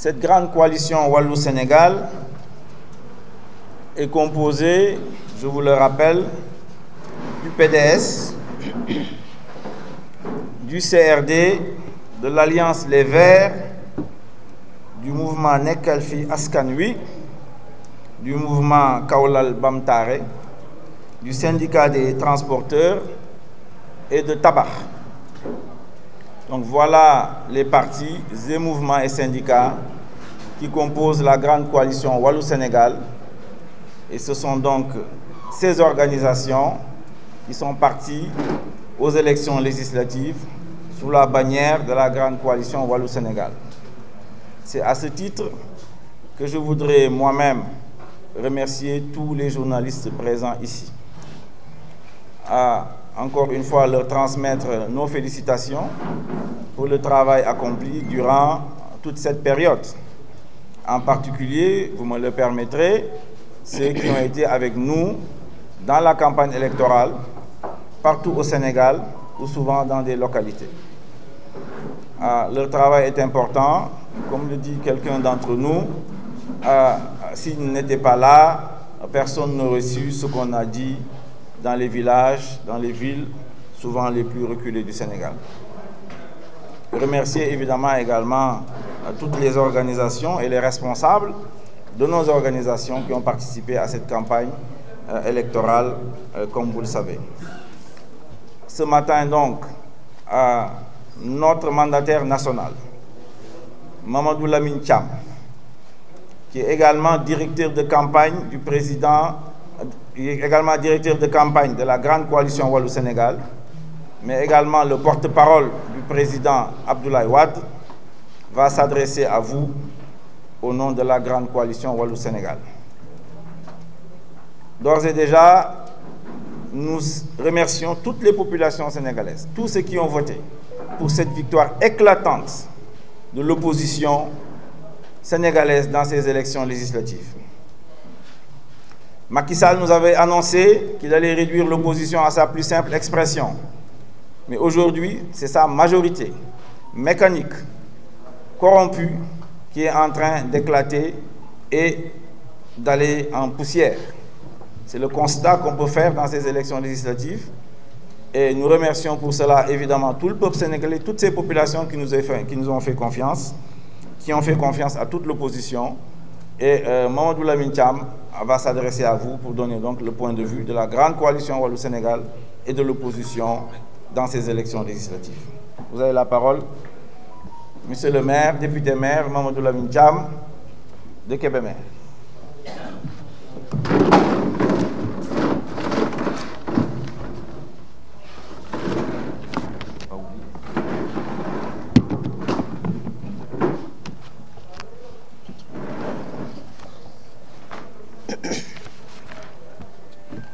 Cette grande coalition Wallou-Sénégal est composée, je vous le rappelle, du PDS, du CRD, de l'Alliance Les Verts, du mouvement Nekalfi Askanui, du mouvement Kaolal Bamtare, du syndicat des transporteurs et de tabac. Donc voilà les partis, les mouvements et syndicats qui composent la grande coalition Wallou Sénégal. Et ce sont donc ces organisations qui sont parties aux élections législatives sous la bannière de la grande coalition Wallou Sénégal. C'est à ce titre que je voudrais moi-même remercier tous les journalistes présents ici. À encore une fois leur transmettre nos félicitations pour le travail accompli durant toute cette période. en particulier, vous me le permettrez, ceux qui ont été avec nous dans la campagne électorale, partout au Sénégal ou souvent dans des localités. Ah, le leur travail est important. Comme le dit quelqu'un d'entre nous, euh, ah, s'ils n'étaient pas là, personne n'aurait reçu ce qu'on a dit dans les villages, dans les villes, souvent les plus reculées du Sénégal. remercier évidemment également euh, toutes les organisations et les responsables de nos organisations qui ont participé à cette campagne euh, électorale, euh, comme vous le savez. Ce matin donc, à notre mandataire national, Mamadou Lamine Cham, qui est également directeur de campagne du président, également directeur de campagne de la grande coalition Wallou-Sénégal, mais également le porte-parole président Abdoulaye Wade va s'adresser à vous au nom de la grande coalition Wallou-Sénégal. D'ores et déjà, nous remercions toutes les populations sénégalaises, tous ceux qui ont voté pour cette victoire éclatante de l'opposition sénégalaise dans ces élections législatives. Macky Sall nous avait annoncé qu'il allait réduire l'opposition à sa plus simple expression. Mais aujourd'hui, c'est sa majorité mécanique, corrompue, qui est en train d'éclater et d'aller en poussière. C'est le constat qu'on peut faire dans ces élections législatives. Et nous remercions pour cela évidemment tout le peuple sénégalais, toutes ces populations qui nous, fait, qui nous ont fait confiance, qui ont fait confiance à toute l'opposition. Et euh, Mamadou Lamine va s'adresser à vous pour donner donc le point de vue de la grande coalition Wallou-Sénégal et de l'opposition dans ces élections législatives. Vous avez la parole. Monsieur le maire, député maire, Mamadou Lamine Cham, de Kébémer.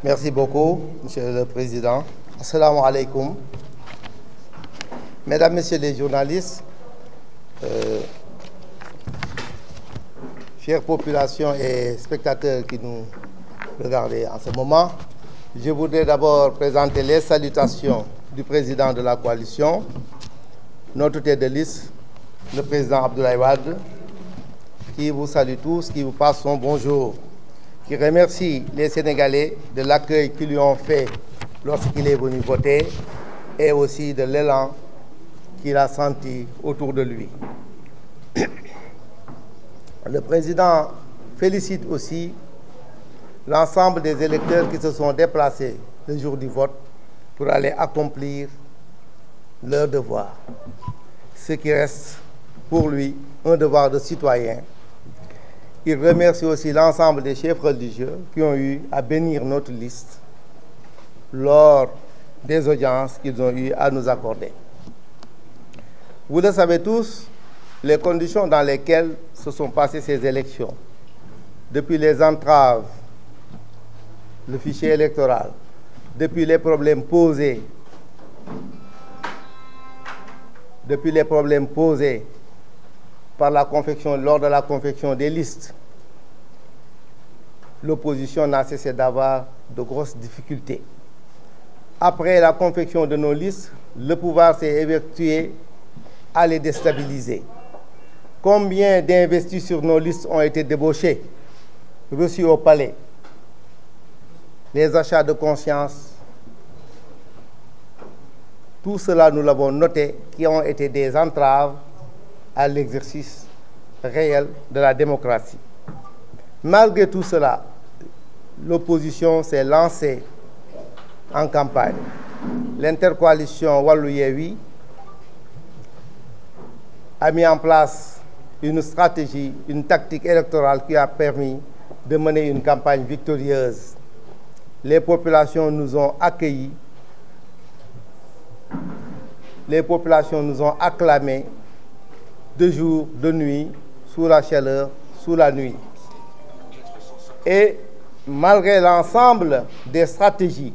Merci beaucoup, Monsieur le Président. Assalamu Mesdames, Messieurs les journalistes, euh, chère population et spectateurs qui nous regardez en ce moment, je voudrais d'abord présenter les salutations du président de la coalition, notre tête de liste, le président Abdoulaye Wade, qui vous salue tous, qui vous passe son bonjour, qui remercie les Sénégalais de l'accueil qu'ils lui ont fait lorsqu'il est venu voter et aussi de l'élan qu'il a senti autour de lui. Le président félicite aussi l'ensemble des électeurs qui se sont déplacés le jour du vote pour aller accomplir leur devoir, ce qui reste pour lui un devoir de citoyen. Il remercie aussi l'ensemble des chefs religieux qui ont eu à bénir notre liste lors des audiences qu'ils ont eu à nous accorder. Vous le savez tous, les conditions dans lesquelles se sont passées ces élections, depuis les entraves, le fichier électoral, depuis les problèmes posés, depuis les problèmes posés par la confection, lors de la confection des listes, l'opposition n'a cessé d'avoir de grosses difficultés. Après la confection de nos listes, le pouvoir s'est évertué à les déstabiliser. Combien d'investis sur nos listes ont été débauchés, reçus au palais Les achats de conscience, tout cela, nous l'avons noté, qui ont été des entraves à l'exercice réel de la démocratie. Malgré tout cela, l'opposition s'est lancée en campagne. L'intercoalition Wallou-Yewi a mis en place une stratégie, une tactique électorale qui a permis de mener une campagne victorieuse. Les populations nous ont accueillis, les populations nous ont acclamés de jour, de nuit, sous la chaleur, sous la nuit. Et malgré l'ensemble des stratégies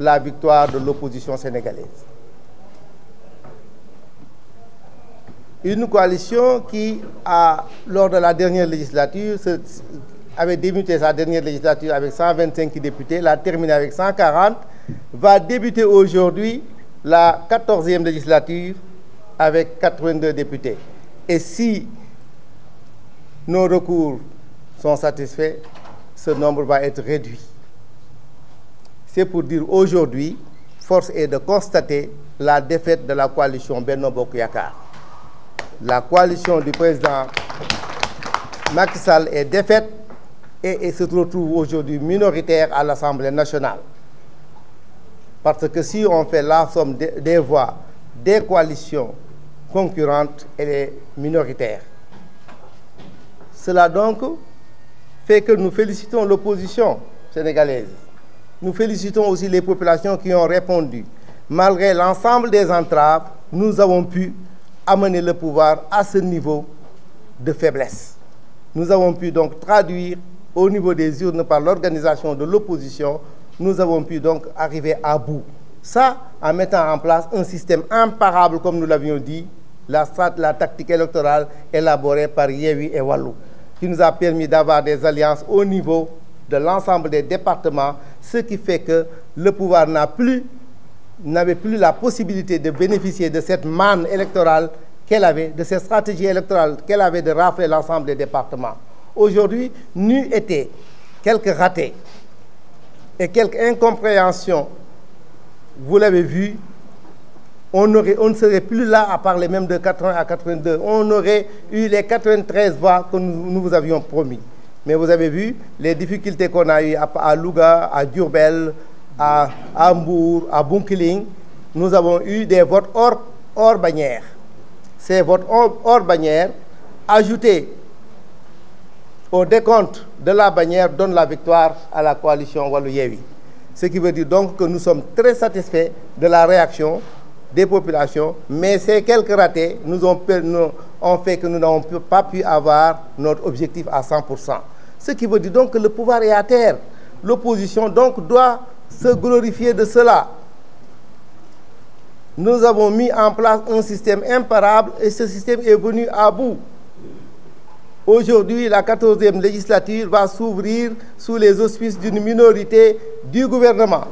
la victoire de l'opposition sénégalaise. Une coalition qui a, lors de la dernière législature, avait débuté sa dernière législature avec 125 députés, l'a terminée avec 140, va débuter aujourd'hui la 14e législature avec 82 députés. Et si nos recours sont satisfaits, ce nombre va être réduit. c'est pour dire aujourd'hui, force est de constater la défaite de la coalition Benno Bokk Yakaar. La coalition du président Macky Sall est défaite et, et se retrouve aujourd'hui minoritaire à l'Assemblée nationale. Parce que si on fait la somme des, des voix des coalitions concurrentes, elle est minoritaire. Cela donc fait que nous félicitons l'opposition sénégalaise Nous félicitons aussi les populations qui ont répondu. Malgré l'ensemble des entraves, nous avons pu amener le pouvoir à ce niveau de faiblesse. Nous avons pu donc traduire au niveau des urnes par l'organisation de l'opposition, nous avons pu donc arriver à bout. Ça, en mettant en place un système imparable, comme nous l'avions dit, la strate, la tactique électorale élaborée par Yewi et Wallou, qui nous a permis d'avoir des alliances au niveau de l'ensemble des départements, ce qui fait que n'a plus, n'avait plus la possibilité de bénéficier de cette manne électorale qu'elle avait, de cette stratégie électorale qu'elle avait de rafler l'ensemble des départements. Aujourd'hui, n'eût été et quelques incompréhensions, vous l'avez vu, on, aurait, on, ne à parler même de 80 à 82. On aurait eu les 93 voix que nous, Mais vous avez vu les difficultés qu'on a eues à Louga, à Diourbel, à Hambourg, à Bunkiling. Nous avons eu des votes hors, hors bannière. Ces votes hors, hors bannière ajoutés au décompte de la bannière donnent la victoire à la coalition Walou-Yéwi. Ce qui veut dire donc que nous sommes très satisfaits de la réaction des populations, mais ces quelques ratés nous ont, nous ont fait que nous n'avons pas pu avoir notre objectif à Ce qui veut dire donc que le pouvoir est à terre. L'opposition donc doit se glorifier de cela. Nous avons mis en place un système imparable et ce système est venu à bout. Aujourd'hui, la 14e législature va s'ouvrir sous les auspices d'une minorité du gouvernement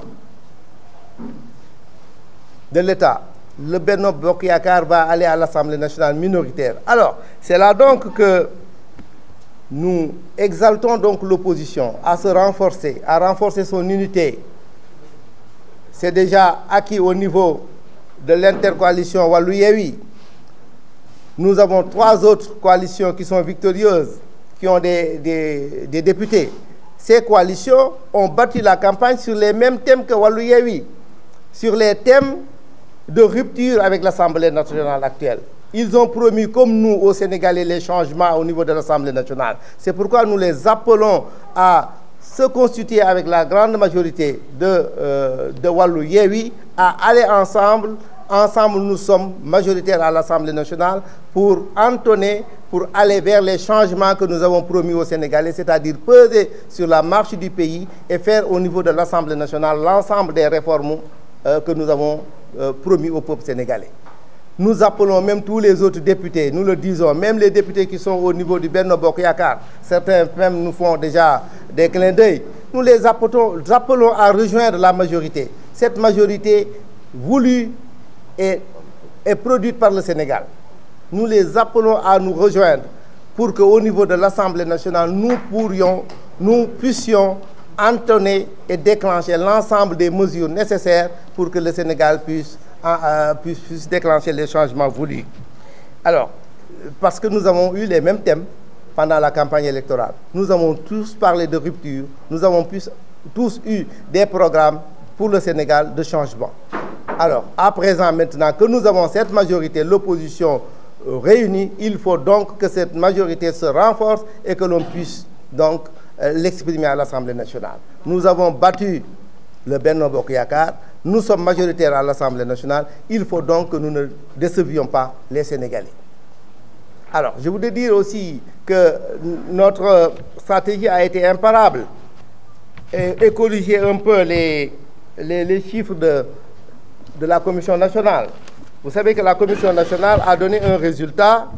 de l'État. Le Benno Bokyakar va aller à l'Assemblée nationale minoritaire. Alors, c'est là donc Nous exaltons donc l'opposition à se renforcer, à renforcer son unité. C'est déjà acquis au niveau de l'intercoalition Walou-Yéwi. Nous avons trois autres coalitions qui sont victorieuses, qui ont des, des, des députés. Ces coalitions ont bâti la campagne sur les mêmes thèmes que Walou-Yéwi, sur les thèmes de rupture avec l'Assemblée nationale actuelle. Ils ont promis, comme nous au Sénégalais, les changements au niveau de l'Assemblée nationale. C'est pourquoi nous les appelons à se constituer avec la grande majorité de, euh, de Wallou Yewi, à aller ensemble. Ensemble, nous sommes majoritaires à l'Assemblée nationale pour entonner, pour aller vers les changements que nous avons promis aux Sénégalais, c'est-à-dire peser sur la marche du pays et faire au niveau de l'Assemblée nationale l'ensemble des réformes euh, que nous avons euh, promis Nous appelons même tous les autres députés, nous le disons, même les députés qui sont au niveau du Benno Bokk Yakaar, certains même nous font déjà des clins d'œil. Nous les appelons, appelons à rejoindre la majorité. Cette majorité voulue est et produite par le Sénégal. Nous les appelons à nous rejoindre pour au niveau de l'Assemblée nationale, nous pourrions, nous puissions entonner et déclencher l'ensemble des mesures nécessaires pour que le Sénégal puisse puisse, puisse déclencher les changement voulus. parce que nous avons eu les mêmes thèmes pendant la campagne électorale. Nous avons tous parlé de rupture, nous avons tous eu des programmes pour le Sénégal de changement. Alors, à présent, maintenant que nous avons cette majorité, l'opposition euh, il faut donc que cette majorité se renforce et que l'on puisse donc euh, l'exprimer à l'Assemblée nationale. Nous avons battu le Benno Bokuyakar, Nous sommes majoritaires à l'Assemblée nationale. Il faut donc que nous ne décevions pas les Sénégalais. Alors, je voudrais dire aussi que notre stratégie a été imparable. Et, et corriger un peu les, les, les chiffres de, de la Commission nationale. Vous savez que la Commission nationale a donné un résultat,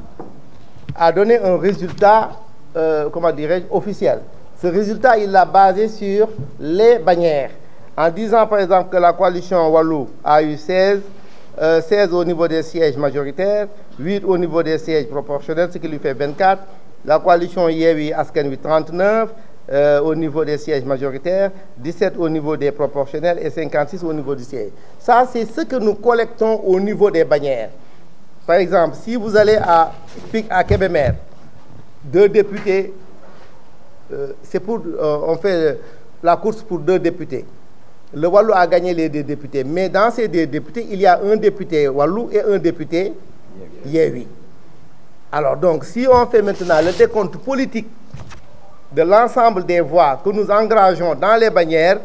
a donné un résultat, euh, comment dirais-je, officiel. Ce résultat, il l'a basé sur les bannières. En disant par exemple que la coalition Wallou a eu 16, euh, 16 au niveau des sièges majoritaires, 8 au niveau des sièges proportionnels, ce qui lui fait 24. La coalition Yewi Asken 39 euh, au niveau des sièges majoritaires, 17 au niveau des proportionnels et 56 au niveau du siège. Ça, c'est ce que nous collectons au niveau des bannières. Par exemple, si vous ale à PIC à Kébémer, deux députés, euh, c'est pour, euh, on fait la course pour deux députés. le Wallou a gagné les deux députés. Mais dans ces deux députés, il y a un député Wallou et un député Yéwi. Alors donc, si on fait maintenant le décompte politique de l'ensemble des voix que nous engageons dans les bannières,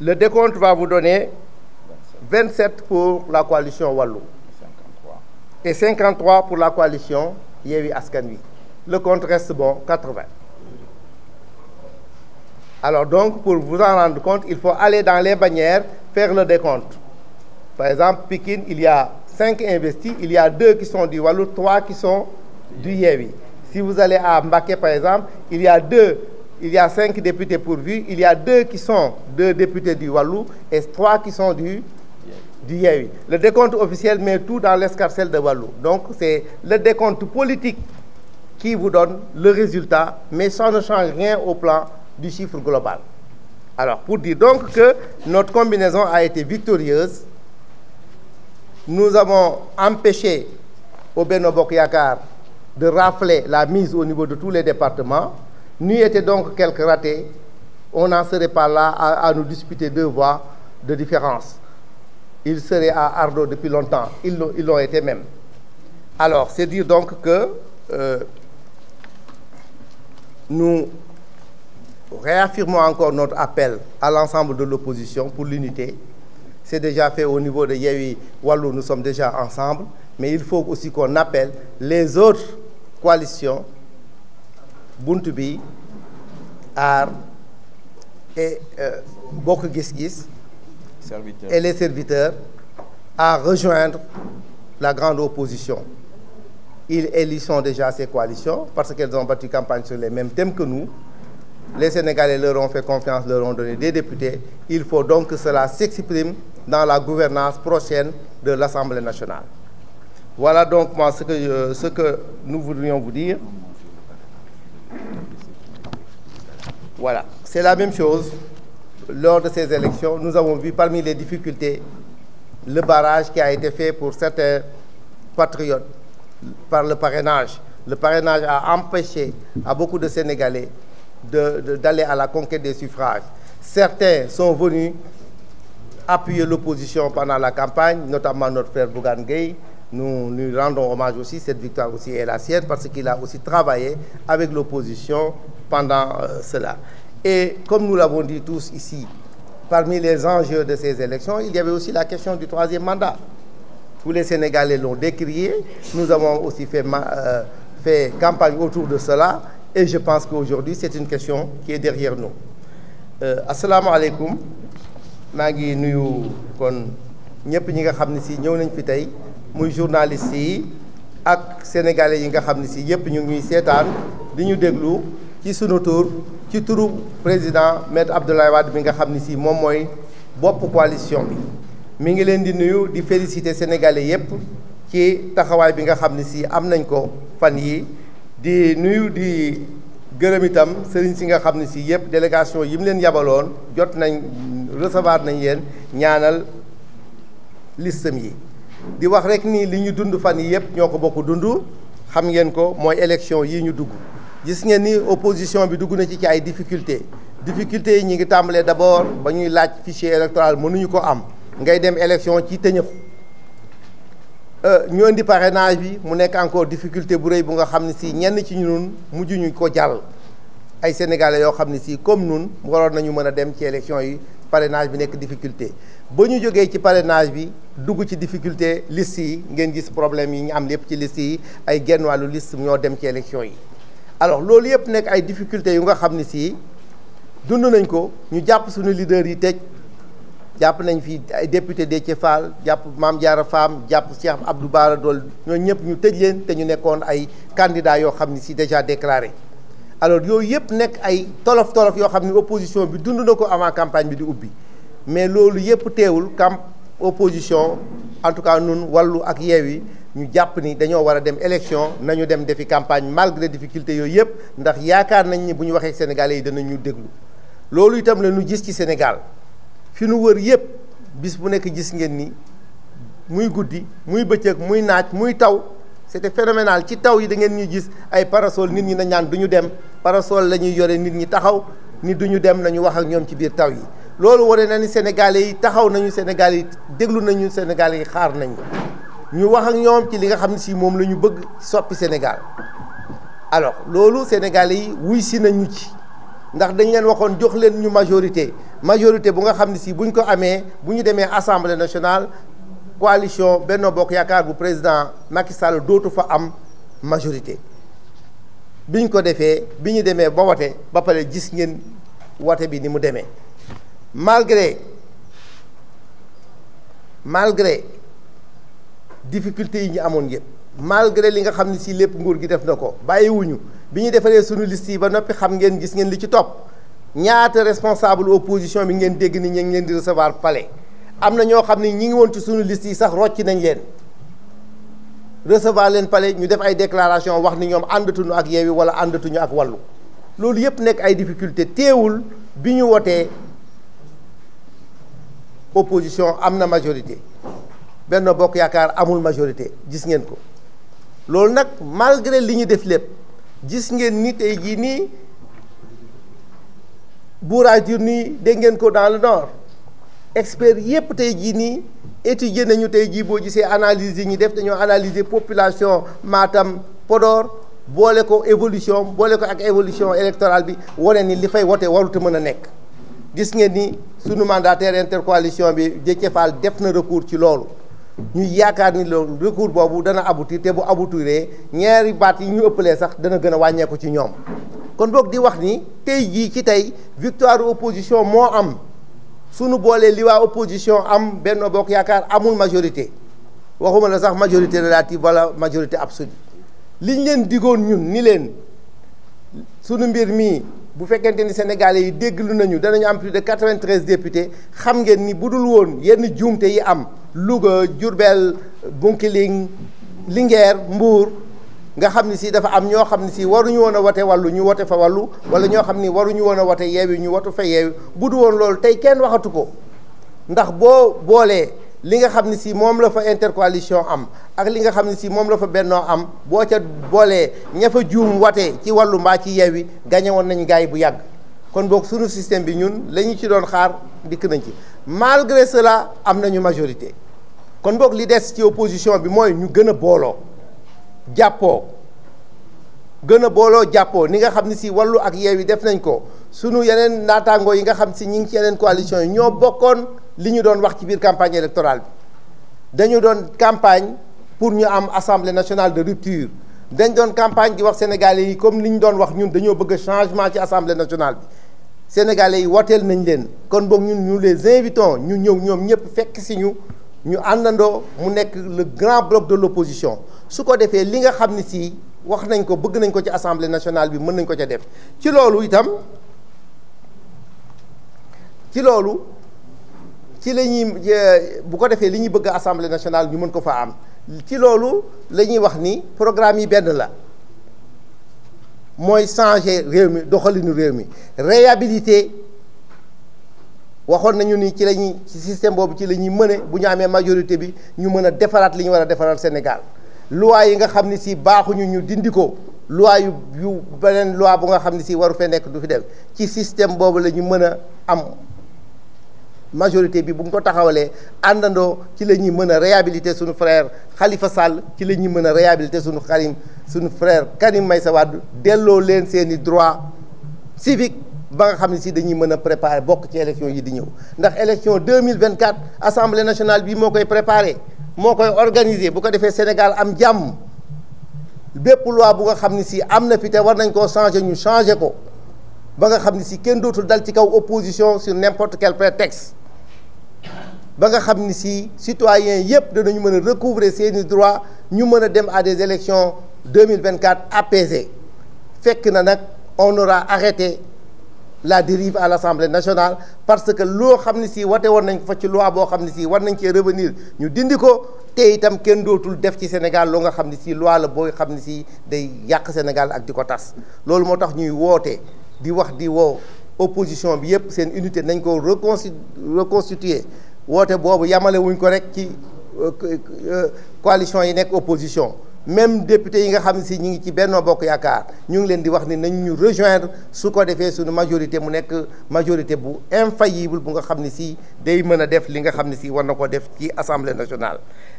le décompte va vous donner 27 pour la coalition Wallou et pour la coalition Yéwi Askanui. Le compte reste bon, 80. Alors donc, pour vous en rendre compte, il faut aller dans les bannières, faire le décompte. Par exemple, Pékin, il y a 5 investis, il y a 2 qui sont du Wallou, 3 qui sont du Yéwi. Si vous allez à Mbaké, par exemple, il y a 2, il y a 5 députés pourvus, il y qui sont 2 députés du Wallou et 3 qui sont du, du Le décompte officiel met tout dans l'escarcelle de Wallou. Donc, c'est le décompte politique qui vous donne le résultat, mais ça ne change rien au plan du chiffre global. Alors, pour dire donc que notre combinaison a été victorieuse, nous avons empêché au Benobok Yakar de rafler la mise au niveau de tous les départements. N'y était donc quelques ratés. On n'en serait pas là à, à nous disputer deux voix de différence. Ils seraient à Ardo depuis longtemps. Ils l'ont été même. Alors, c'est dire donc que euh, nous réaffirmons encore notre appel à l'ensemble de l'opposition pour l'unité. C'est déjà fait au niveau de Yewi Wallou, nous sommes déjà ensemble, mais il faut aussi qu'on appelle les autres coalitions, Buntubi, AR et euh, Bok Gis et les serviteurs à rejoindre la grande opposition. Ils élissent déjà ces coalitions parce qu'elles ont battu campagne sur les mêmes thèmes que nous. les Sénégalais leur ont fait confiance, leur ont donné des députés. Il faut donc que cela s'exprime dans la gouvernance prochaine de l'Assemblée nationale. Voilà donc moi ce que, je, euh, ce que nous voudrions vous dire. c'est la même chose. Lors de ces élections, nous avons vu parmi les difficultés le barrage qui a été fait pour certains patriotes par le parrainage. Le parrainage a empêché à beaucoup de Sénégalais d'aller à la conquête des suffrages. Certains sont venus appuyer l'opposition pendant la campagne, notamment notre frère Bougan Gay. Nous lui rendons hommage aussi, cette victoire aussi est la sienne, parce qu'il a aussi travaillé avec l'opposition pendant euh, cela. Et comme nous l'avons dit tous ici, parmi les enjeux de ces élections, il y avait aussi la question du troisième mandat. Tous les Sénégalais l'ont décrié. Nous avons aussi fait, euh, fait campagne autour de cela. Et je pense que qu'aujourd'hui, c'est une question qui est derrière nous. Euh, asalaamaaleykum maa ngi nuyu kon ñëpp ñi nga xam ne si ñëw nañ fi tey muy journaliste yi ak sénégalais yi nga xam ne si yëpp ñu ngi seetaan di ñu déglu ci sunu tur ci turu président maître Abdoulaye Wade bi nga xam ne si moom mooy bopp coalition bi. mu ngi leen di nuyu di féliciter sénégalais yëpp ci taxawaay bi nga xam ne si am nañ ko fan yi di nuyu di gërëm itam sëriñ si nga xam ne si yëpp délégation yi mu leen yabaloon jot nañ recevoir nañ leen ñaanal listam yi di wax rek nii li ñu dund fan yi yëpp ñoo ko bokk dund xam ngeen ko mooy élection yi ñu dugg gis ngeen ni opposition bi dugg na ci ci ay difficulté difficulté yi ñu ngi tàmbalee d'abord ba ñuy laaj fichier électoral mënuñu ko am ngay dem élection ci tëñëxu Euh, ñoo indi parrainage bi mu nekk encore difficulté bu rëy bu nga xam ne si ñenn ci ñun mujj ñu ko jàll ay sénégalais yoo xam ne si comme nun waroon nañu mën a dem ci élection yi parrainage bi nekk difficulté ba ñu jógee ci parrainage bi dugg ci difficulté list yi ngeen gis problème yi ñu am lépp ci liste yi ay genn wàllu liste ñoo dem ci élection yi alors loolu yëpp nekk ay difficulté yu nga xam ne sii dund nañ ko ñu jàpp suñu leader yi tej jàpp nañ fi ay député Déthié Fall jàpp maam Diarra Fam jàpp Cheikh Abdou Bara dool ñoo ñëpp ñu tëj leen te ñu nekkoon ay candidats yoo xam ni si déjà déclaré alors yooyu yëpp nekk ay tolof tolof yoo xam ni opposition bi dund na ko avant campagne bi di ubbi mais loolu yëpp teewul camp opposition en tout cas nun wàllu ak Yewwi ñu jàpp ni dañoo war a dem élection nañu dem defi campagne malgré difficulté yooyu yëpp ndax yaakaar nañ ni bu ñu waxee Sénégalais yi danañ déglu loolu itam la ñu gis ci Sénégal fi nu wër yépp bis bu nekk gis ngeen ni muy guddi muy bëccëg muy naaj muy taw c'était phénoménal ci taw yi da ngeen ñu gis ay parasol nit ñi na ñaan du ñu dem parasol la ñuy yore nit ñi taxaw ni du ñu dem nañu wax ak ñoom ci biir taw yi loolu wane na ni sénégalais yi taxaw nañu sénégalais yi déglu nañu sénégalais yi xaar nañu ñu wax ak ñoom ci li nga xam ne si moom la ñu bëgg soppi Sénégal alors loolu sénégalais yi wuy si nañu ci ndax dañ leen waxoon jox leen ñu majorité majorité bu nga xam ne si buñ ko amee bu ñu demee assemblée nationale coalition benn Bokk Yaakaar bu président Macky Sall dootu fa am majorité biñ ko defee bi ñu demee ba wote ba pare gis ngeen wote bi ni mu demee malgré malgré difficulté yi ñu amoon yëpp malgré li nga xam ne si lépp nguur gi def na ko bàyyiwuñu bi ñu defaree suñu liste yi ba noppi xam ngeen gis ngeen li ci topp ñaata responsable opposition bi ngeen dégg ni ñu ngeen di recevoir pale am na ñoo xam ne ñi ngi woon ci suñu liste yi sax rocc nañ leen recevoir leen pale ñu def ay déclaration wax ni ñoom àndatuñu ak Yewwi wala àndatuñu ak wallu loolu yëpp nekk ay difficulté teewul bi ñu wotee opposition am na majorité benn Bokk Yaakaar amul majorité gis ngeen ko loolu nag malgré li ñu def lépp gis ngeen ni tey jii nii bourrage yu nii dégg ngeen ko dans le nord expert yépp tey jii nii étudier nañu tey jii boo gisee analyse yi ñu def dañoo analyser population Matam Podor boole ko évolution boole ko ak évolution électorale bi wane ni li fay wote warut a mën a nekk gis ngeen ni sunu mandataire intercoalition bi Déthié Fall def na recours ci loolu ñuy yaakaar ni loolu recours boobu dana aboutir te bu aboutiree ñaari baat yi ñu ëppalee sax dana gën a wàññeeku ci ñoom kon boog di wax ni tey jii ci tey victoire opposition moo am sunu boolee li waa opposition am benn Bokk Yaakaar amul majorité waxuma la sax majorité relative wala majorité ab absolue liñ leen digoon ñun ni leen sunu mbir mii bu fekkente ni sénégalais yi dégglu nañu danañu am plus de 93 députés xam ngeen ni bu dul woon yenn juumte yi am Louga Diourbel Bunkiling Linguère Mbour nga xam ni si dafa am ñoo xam ne si waruñu woon a wote wàllu ñu wote fa wàllu wala ñoo xam ni waruñu woon a wote yeewi ñu wotu fa yeewi bu du woon loolu tey kenn waxatu ko ndax boo boolee li nga xam ne si moom la fa intercoalition am ak li nga xam ne si moom la fa bennoo am boo ca boolee ña fa juum watee ci wàllu mbaa ci yeewi gañe woon nañ gaay bu yàgg kon book suñu système bi ñun la ñu ci doon xaar dikk nañ ci malgré cela am nañu majorité kon boog li des ci opposition bi mooy ñu gën a booloo jàppoo gën a booloo jàppoo ni nga xam ne si wàllu ak yi def nañ ko sunu yeneen naataangoo yi nga xam si ñi ngi ci yeneen coalition yi ñoo bokkoon li ñu doon wax ci biir campagne électorale bi dañu doon campagne pour ñu am assemblée nationale de rupture dañ doon campagne di wax sénégalais yi comme li ñu doon wax ñun dañoo bëgg changement ci assemblée nationale bi sénégalais yi woteel nañ leen kon boog ñun ñu les invitons ñu ñëw ñoom ñëpp fekk si ñu ñu àndandoo mu nekk le grand bloc de l'opposition su ko defee li nga xam ne si wax nañ ko bëgg nañ ko ci assemblée nationale bi mën nañ ko ca def ci loolu itam ci loolu ci la ñuy bu ko defee li ñuy bëgg assemblée nationale ñu mën ko fa am ci loolu la ñuy wax ni programme yi benn la mooy changer réew mi doxalinu réew mi réhabilité waxoon nañu ni ci la ñuy ci système boobu ci la ñuy mëne bu ñu amee majorité bi ñu mën a defaraat li ñu war a defaraat Sénégal loi yi nga xam ne si baaxuñu ñu dindi ko loi yu yu beneen loi bu nga xam ne si waru fee nekk du fi dem ci système boobu la ñu mën a am. majorité bi bu ñu ko taxawalee àndandoo ci la ñuy mën a réhabiliter suñu frère Khalifa sàll ci la ñuy mën a réhabiliter suñu Karim suñu frère Karim Meïssa Wade delloo leen seen i droit civique ba nga xam ne si dañuy mën a préparer bokk ci élection yi di ñëw ndax élection 2024 assemblée nationale bi moo koy préparer moo koy organiser bu ko defee Sénégal am jàmm bépp loi bu nga xam ne si am na fi te war nañ koo changer ñu changer ko ba nga xam ne si kenn dootul dal ci kaw opposition sur n'importe quel prétexte ba nga xam ni si citoyens yépp danañu mën a recouvrer seeni droit ñu mën a dem à des élections 2024 apaisées fekk na nag on aura arrêté la dérive à l'Assemblée nationale parce que loo xam ne si wate woon nañ ko fa ci loi boo xam ne si war nañ cee revenir ñu dindi ko te itam kenn dootul def ci Sénégal loo nga xam ne si loi la booy xam ne sii day yàq Sénégal ak di ko tas loolu moo tax ñuy woote di wax di woo opposition bi yëpp seen unité nañ ko reconsti reconstituer woote boobu yamale ko rek ci euh, euh, coalition yi nekk opposition même député yi nga xam si ñu ngi ci Benno Bokk Yaakaar ñu ngi leen di wax ni nañ ñu rejoindre su ko defee suñu majorité mu nekk majorité bu infaillible bu nga xam ne si day mën a def li nga xam ne si war na ko def ci assemblée nationale.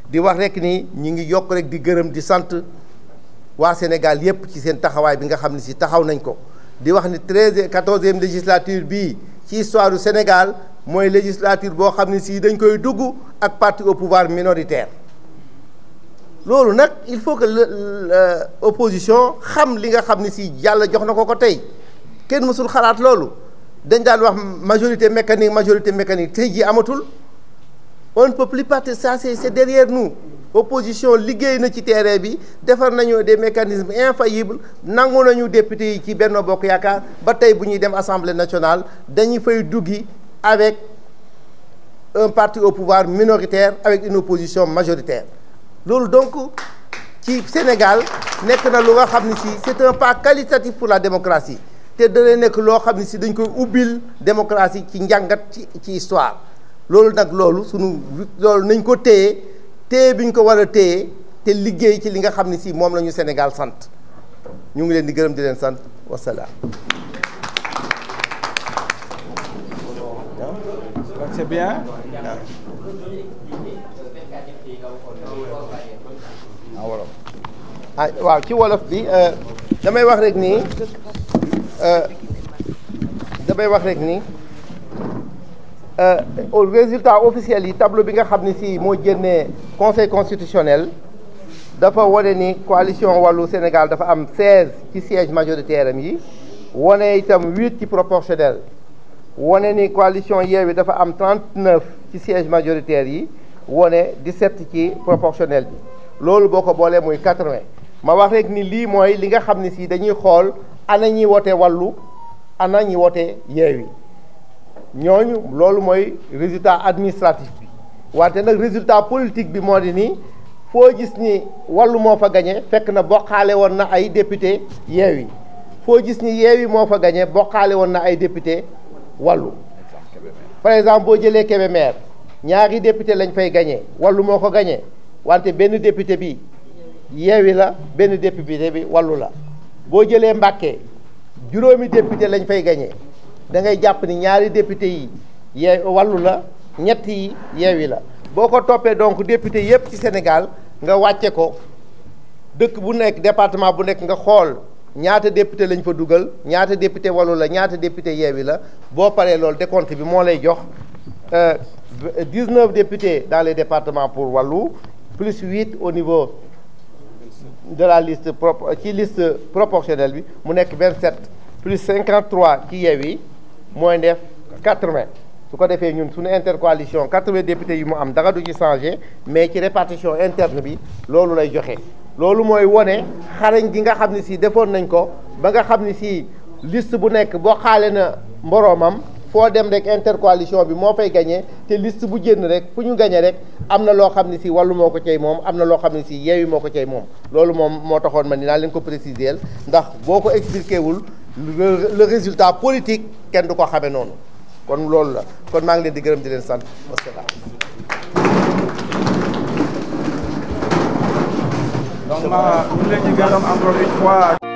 di wax rek ni ñu ngi yokk rek di gërëm di sant waa Sénégal yépp ci seen taxawaay bi nga xam ne si taxaw nañ ko. di wax ni treize quatorzième législature bii ci histoire du Sénégal mooy législature boo xam ne si dañ koy dugg ak partie au pouvoir minoritaire loolu nag il faut que l'opposition euh, xam li nga xam ne si yàlla jox na ko ko tey kenn mësul xalaat loolu dañ daan wax majorité mécanique majorité mécanique tey jii amatul on ne peut plus partir ça c'est derrière nous opposition liggéey na ci terrain bi defar nañu des mécanismes infaillibles nangu nañu député yi ci benn Bokk Yaakaar ba tey bu ñuy dem assemblée nationale dañu fay duggi avec un parti au pouvoir minoritaire avec une opposition majoritaire loolu donc ci Sénégal nekk na lu nga xam ne si c'est un pas qualitatif pour la démocratie te dana nekk loo xam ne si dañ koy ubbil démocratie ci njàngat ci ci histoire loolu nag loolu sunu loolu nañ ko téye. téye bi ñu ko war a téye te liggéey ci li nga xam ne si moom la ñu Sénégal sant ñu ngi leen di gërëm di leen sant wasalaam. c'est bien. Ah, ah waaw ci wolof bi euh, damay wax rek nii euh, damay wax rek nii. Euh, au résultat officiel yi tableau bi nga xam ne sii moo génnee conseil constitutionnel dafa wane ni coalition wàllu Sénégal dafa am 16 ci siège majoritaire yi wane itam 8 ci proportionnel wane ni coalition yi dafa am 39 ci siège majoritaire yi wane 17 ci proportionnel bi loolu boo ko boolee muy 80 ma wax rek ni lii mooy li nga xam ne sii dañuy xool ana ñi wote wàllu ana ñi wote Yewwi ñooñu loolu mooy résultat administratif bi wante nag résultat politique bi moo di nii foo gis ni wàllu moo fa gañe fekk na bokkaale woon na ay député yeewi foo gis ni yeewi moo fa gañe bokkaale woon na ay député wàllu par exemple boo jëlee Kébémer ñaari député lañ fay gañe wàllu moo ko gañe wante benn député bi yeewi la benn député bi wàllu la boo jëlee Mbàkke juróomi député lañ fay gañe da ngay jàpp ni ñaari député yi yee wàllu la ñett yi yeewi la boo ko toppee donc député yépp Sénégal nga wàcce ko dëkk bu nekk département bu nekk nga xool ñaata député lañ fa dugal ñaata député wàllu la ñaata député yeewi la boo paree loolu décompte bi moo lay jox 19 euh, députés dans les départements pour wàllu plus 8 au niveau de la liste propre ci liste bi mu nekk 27 plus 53 ci yi mooy def quatre-vingts su ko defee ñun suñu intercoalition quatre-vingts députés yi mu am dara du ci changé mais ci répartition interne bi loolu lay joxe. loolu mooy wone xarañ gi nga xam ne sii defoon nañ ko ba nga xam ne si liste bu nekk boo xaale na mboroomam foo dem rek intercoalition bi moo fay gagné te liste bu génn rek fu ñu gagné rek am na loo xam ne si wàllu moo ko cay moom am na loo xam ne si yeewi moo ko cay moom loolu moom moo taxoon ma ni naa leen ko préciser ndax boo ko expliqué wul le résultat politique kenn du ko xamee noonu kon loolu la kon maa ngi leen di gërëm di leen sant wasalaam donc maa ngi leen di gërëm encore une fois